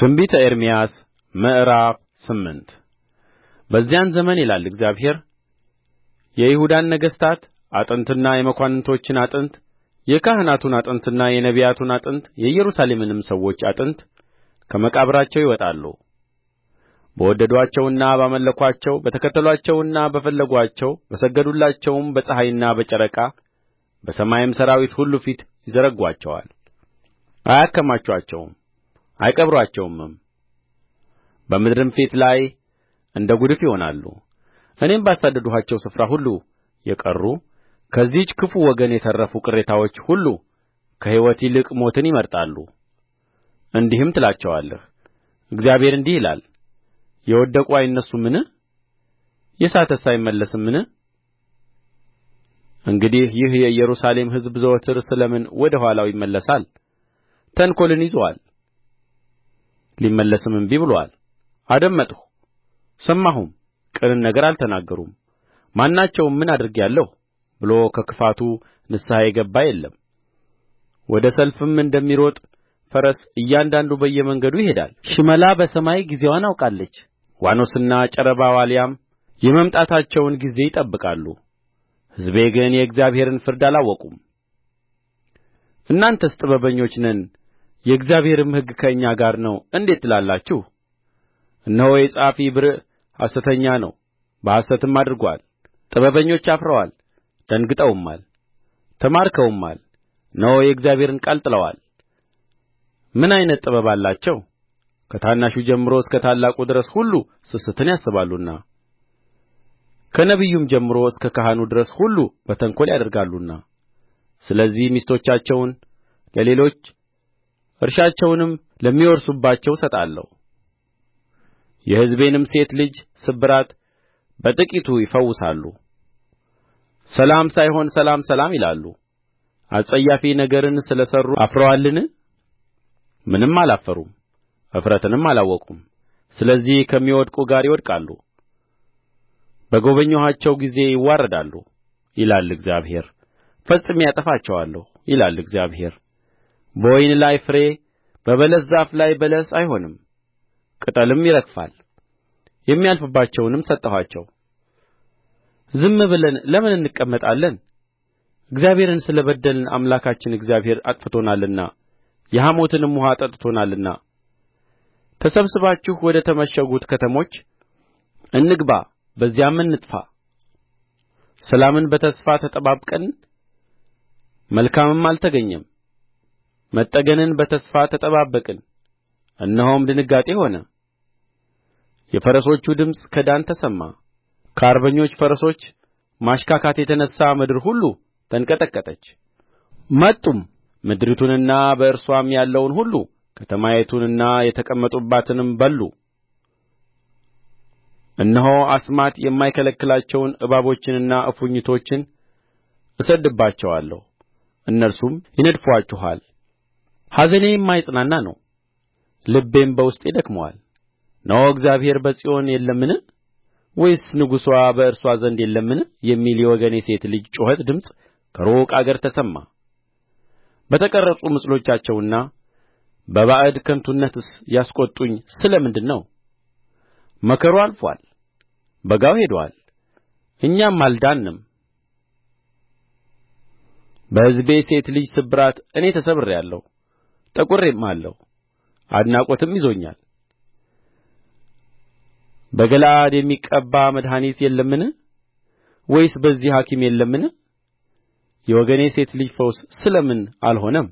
ትንቢተ ኤርምያስ ምዕራፍ ስምንት በዚያን ዘመን ይላል እግዚአብሔር የይሁዳን ነገሥታት አጥንትና የመኳንንቶችን አጥንት የካህናቱን አጥንትና የነቢያቱን አጥንት የኢየሩሳሌምንም ሰዎች አጥንት ከመቃብራቸው ይወጣሉ በወደዱአቸውና ባመለኩአቸው በተከተሉአቸውና በፈለጉአቸው በሰገዱላቸውም በፀሐይና በጨረቃ በሰማይም ሠራዊት ሁሉ ፊት ይዘረጉአቸዋል አያከማቹአቸውም አይቀብሩአቸውምም በምድርም ፊት ላይ እንደ ጕድፍ ይሆናሉ እኔም ባሳደድኋቸው ስፍራ ሁሉ የቀሩ ከዚህች ክፉ ወገን የተረፉ ቅሬታዎች ሁሉ ከሕይወት ይልቅ ሞትን ይመርጣሉ እንዲህም ትላቸዋለህ እግዚአብሔር እንዲህ ይላል የወደቁ አይነሡምን የሳተስ አይመለስምን እንግዲህ ይህ የኢየሩሳሌም ሕዝብ ዘወትር ስለ ምን ወደ ኋላው ይመለሳል ተንኰልን ይዞአል ሊመለስም እንቢ ብሎአል አደመጥሁ ሰማሁም ቅንን ነገር አልተናገሩም ማናቸውም ምን አድርጌአለሁ ብሎ ከክፋቱ ንስሐ የገባ የለም ወደ ሰልፍም እንደሚሮጥ ፈረስ እያንዳንዱ በየመንገዱ ይሄዳል ሽመላ በሰማይ ጊዜዋን አውቃለች ዋኖስና ጨረባ ዋልያም የመምጣታቸውን ጊዜ ይጠብቃሉ ሕዝቤ ግን የእግዚአብሔርን ፍርድ አላወቁም እናንተስ ጥበበኞች ነን የእግዚአብሔርም ሕግ ከእኛ ጋር ነው እንዴት ትላላችሁ እነሆ የጸሐፊ ብርዕ ሐሰተኛ ነው በሐሰትም አድርጎአል ጥበበኞች አፍረዋል ደንግጠውማል ተማርከውማል እነሆ የእግዚአብሔርን ቃል ጥለዋል ምን ዓይነት ጥበብ አላቸው ከታናሹ ጀምሮ እስከ ታላቁ ድረስ ሁሉ ስስትን ያስባሉና ከነቢዩም ጀምሮ እስከ ካህኑ ድረስ ሁሉ በተንኰል ያደርጋሉና ስለዚህ ሚስቶቻቸውን ለሌሎች እርሻቸውንም ለሚወርሱባቸው እሰጣለሁ የሕዝቤንም ሴት ልጅ ስብራት በጥቂቱ ይፈውሳሉ ሰላም ሳይሆን ሰላም ሰላም ይላሉ አስጸያፊ ነገርን ስለ ሠሩ አፍረዋልን ምንም አላፈሩም እፍረትንም አላወቁም ስለዚህ ከሚወድቁ ጋር ይወድቃሉ በጐበኘኋቸው ጊዜ ይዋረዳሉ ይላል እግዚአብሔር ፈጽሜ አጠፋቸዋለሁ ይላል እግዚአብሔር በወይን ላይ ፍሬ በበለስ ዛፍ ላይ በለስ አይሆንም ቅጠልም ይረግፋል የሚያልፍባቸውንም ሰጠኋቸው ዝም ብለን ለምን እንቀመጣለን እግዚአብሔርን ስለ በደልን አምላካችን እግዚአብሔር አጥፍቶናልና የሐሞትንም ውኃ አጠጥቶናልና ተሰብስባችሁ ወደ ተመሸጉት ከተሞች እንግባ በዚያም እንጥፋ ሰላምን በተስፋ ተጠባበቅን መልካምም አልተገኘም መጠገንን በተስፋ ተጠባበቅን እነሆም ድንጋጤ ሆነ የፈረሶቹ ድምፅ ከዳን ተሰማ ከአርበኞች ፈረሶች ማሽካካት የተነሣ ምድር ሁሉ ተንቀጠቀጠች መጡም ምድሪቱንና በእርስዋም ያለውን ሁሉ ከተማይቱንና የተቀመጡባትንም በሉ እነሆ አስማት የማይከለክላቸውን እባቦችንና እፉኝቶችን እሰድድባቸዋለሁ እነርሱም ይነድፉአችኋል ኀዘኔ የማይጽናና ነው ልቤም በውስጤ ደክሞአል እነሆ እግዚአብሔር በጽዮን የለምን ወይስ ንጉሥዋ በእርስዋ ዘንድ የለምን የሚል የወገኔ ሴት ልጅ ጩኸት ድምፅ ከሩቅ አገር ተሰማ በተቀረጹ ምስሎቻቸውና በባዕድ ከንቱነትስ ያስቈጡኝ ስለ ምንድር ነው መከሩ አልፎአል በጋው ሄዶአል እኛም አልዳንም። በሕዝቤ ሴት ልጅ ስብራት እኔ ተሰብሬአለሁ ጠቁሬማለሁ አድናቆትም ይዞኛል በገለዓድ የሚቀባ መድኃኒት የለምን ወይስ በዚህ ሐኪም የለምን የወገኔ ሴት ልጅ ፈውስ ስለ ምን አልሆነም